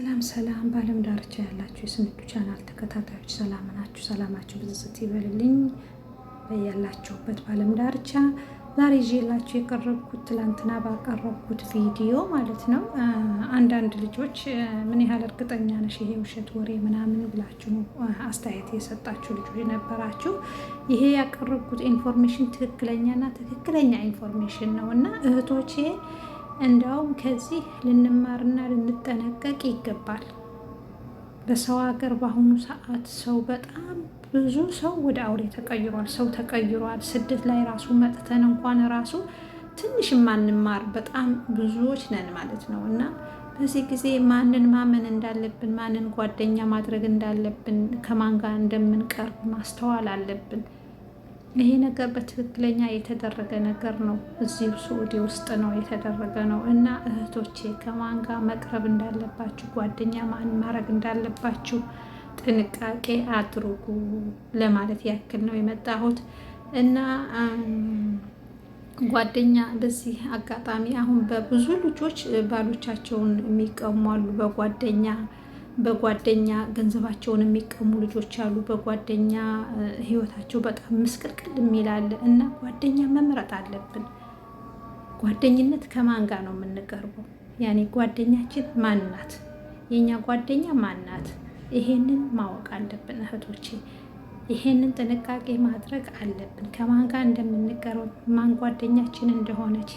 ሰላም ሰላም በዓለም ዳርቻ ያላችሁ የስንዱ ቻናል ተከታታዮች ሰላም ናችሁ? ሰላማችሁ ብዝዝት ይበልልኝ ያላችሁበት በዓለም ዳርቻ። ዛሬ ይዤላችሁ የቀረብኩት ትላንትና ባቀረብኩት ቪዲዮ ማለት ነው። አንዳንድ ልጆች ምን ያህል እርግጠኛ ነሽ ይሄ ውሸት ወሬ ምናምን ብላችሁ አስተያየት የሰጣችሁ ልጆች ነበራችሁ። ይሄ ያቀረብኩት ኢንፎርሜሽን ትክክለኛና ትክክለኛ ኢንፎርሜሽን ነው እና እህቶቼ እንደውም ከዚህ ልንማርና ልንጠነቀቅ ይገባል። በሰው ሀገር በአሁኑ ሰዓት ሰው በጣም ብዙ ሰው ወደ አውሬ ተቀይሯል። ሰው ተቀይሯል። ስደት ላይ ራሱ መጥተን እንኳን ራሱ ትንሽ ማንማር በጣም ብዙዎች ነን ማለት ነው እና በዚህ ጊዜ ማንን ማመን እንዳለብን፣ ማንን ጓደኛ ማድረግ እንዳለብን፣ ከማን ጋር እንደምንቀርብ ማስተዋል አለብን። ይሄ ነገር በትክክለኛ የተደረገ ነገር ነው። እዚሁ ሳዑዲ ውስጥ ነው የተደረገ ነው እና እህቶቼ ከማን ጋር መቅረብ እንዳለባችሁ፣ ጓደኛ ማን ማድረግ እንዳለባችሁ ጥንቃቄ አድርጉ ለማለት ያክል ነው የመጣሁት እና ጓደኛ በዚህ አጋጣሚ አሁን በብዙ ልጆች ባሎቻቸውን የሚቀሟሉ በጓደኛ በጓደኛ ገንዘባቸውን የሚቀሙ ልጆች አሉ። በጓደኛ ህይወታቸው በጣም ምስቅልቅል የሚላለ እና ጓደኛ መምረጥ አለብን። ጓደኝነት ከማን ጋር ነው የምንቀርበው? ያኔ ጓደኛችን ማን ናት? የእኛ ጓደኛ ማን ናት? ይሄንን ማወቅ አለብን እህቶቼ። ይሄንን ጥንቃቄ ማድረግ አለብን። ከማን ጋር ማን ጓደኛችን እንደሆነች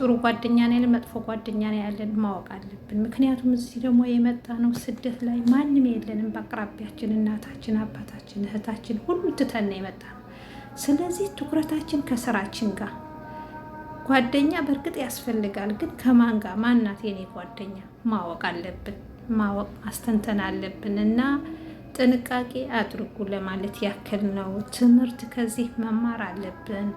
ጥሩ ጓደኛ ነው ያለን፣ መጥፎ ጓደኛ ነው ያለን ማወቅ አለብን። ምክንያቱም እዚህ ደግሞ የመጣ ነው ስደት ላይ ማንም የለንም በአቅራቢያችን፣ እናታችን፣ አባታችን፣ እህታችን ሁሉ ትተን የመጣ ነው። ስለዚህ ትኩረታችን ከስራችን ጋር ጓደኛ በእርግጥ ያስፈልጋል፣ ግን ከማን ጋር ማናት የኔ ጓደኛ ማወቅ አለብን፣ ማወቅ ማስተንተን አለብን እና ጥንቃቄ አድርጉ ለማለት ያክል ነው። ትምህርት ከዚህ መማር አለብን።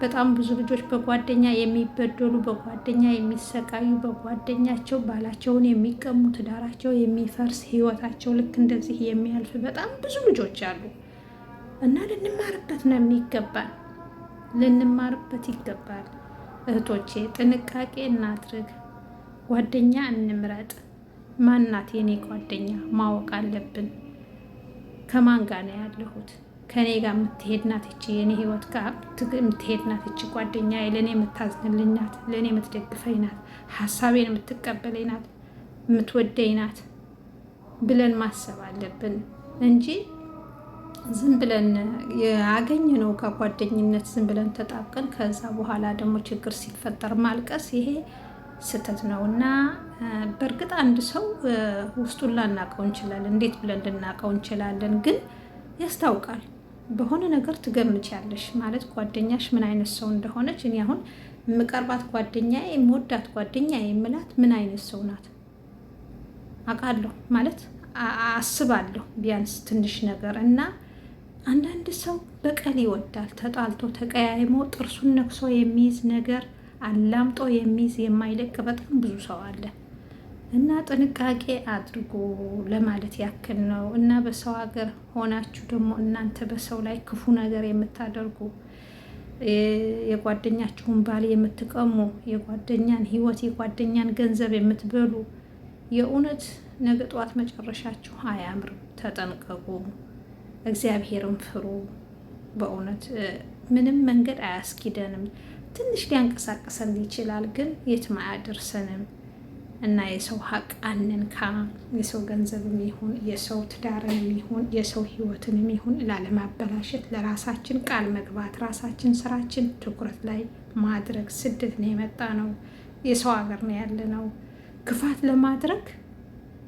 በጣም ብዙ ልጆች በጓደኛ የሚበደሉ፣ በጓደኛ የሚሰቃዩ፣ በጓደኛቸው ባላቸውን የሚቀሙ፣ ትዳራቸው የሚፈርስ፣ ህይወታቸው ልክ እንደዚህ የሚያልፍ በጣም ብዙ ልጆች አሉ እና ልንማርበት ነው የሚገባል። ልንማርበት ይገባል። እህቶቼ ጥንቃቄ እናድርግ። ጓደኛ እንምረጥ። ማናት የኔ ጓደኛ ማወቅ አለብን። ከማን ጋር ነው ያለሁት? ከኔ ጋር የምትሄድ ናት ይቺ የኔ ህይወት ጋር የምትሄድ ናት ይቺ ጓደኛ ለእኔ የምታዝንልኝ ናት፣ ለእኔ የምትደግፈኝ ናት፣ ሀሳቤን የምትቀበለኝ ናት፣ የምትወደኝ ናት ብለን ማሰብ አለብን እንጂ ዝም ብለን ያገኘነው ነው ጓደኝነት ዝም ብለን ተጣብቀን ከዛ በኋላ ደግሞ ችግር ሲፈጠር ማልቀስ ይሄ ስህተት ነው እና በእርግጥ አንድ ሰው ውስጡን ላናውቀው እንችላለን። እንዴት ብለን ልናውቀው እንችላለን? ግን ያስታውቃል። በሆነ ነገር ትገምቻለሽ ማለት ጓደኛሽ ምን አይነት ሰው እንደሆነች። እኔ አሁን የምቀርባት ጓደኛ የምወዳት ጓደኛ የምላት ምን አይነት ሰው ናት አውቃለሁ ማለት አስባለሁ፣ ቢያንስ ትንሽ ነገር እና አንዳንድ ሰው በቀል ይወዳል። ተጣልቶ ተቀያይሞ ጥርሱን ነክሶ የሚይዝ ነገር አላምጦ የሚይዝ የማይለቅ በጣም ብዙ ሰው አለ። እና ጥንቃቄ አድርጎ ለማለት ያክል ነው። እና በሰው ሀገር ሆናችሁ ደግሞ እናንተ በሰው ላይ ክፉ ነገር የምታደርጉ የጓደኛችሁን ባል የምትቀሙ፣ የጓደኛን ሕይወት የጓደኛን ገንዘብ የምትበሉ የእውነት ነገ ጠዋት መጨረሻችሁ አያምርም። ተጠንቀቁ፣ እግዚአብሔርን ፍሩ። በእውነት ምንም መንገድ አያስኪደንም። ትንሽ ሊያንቀሳቀሰን ይችላል፣ ግን የትም አያደርሰንም። እና የሰው ሀቅ አንንካ፣ የሰው ገንዘብም ይሁን የሰው ትዳርንም ይሁን የሰው ህይወትንም ይሁን ላለማበላሸት ለራሳችን ቃል መግባት፣ ራሳችን ስራችን ትኩረት ላይ ማድረግ። ስደት ነው የመጣ ነው፣ የሰው ሀገር ነው ያለ ነው። ክፋት ለማድረግ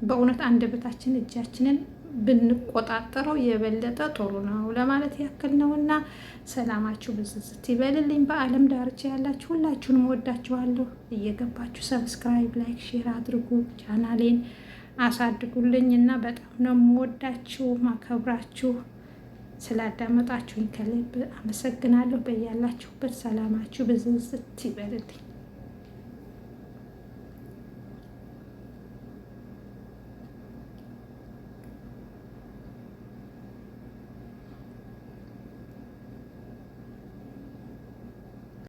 በእውነት አንደበታችን እጃችንን ብንቆጣጠረው የበለጠ ጥሩ ነው ለማለት ያክል ነው እና ሰላማችሁ ብዝዝት ይበልልኝ። በዓለም ዳርቻ ያላችሁ ሁላችሁንም ወዳችኋለሁ። እየገባችሁ ሰብስክራይብ፣ ላይክ፣ ሼር አድርጉ ቻናሌን አሳድጉልኝ እና በጣም ነው የምወዳችሁ ማከብራችሁ። ስላዳመጣችሁኝ ከልብ አመሰግናለሁ። በያላችሁበት ሰላማችሁ ብዝዝት ይበልልኝ።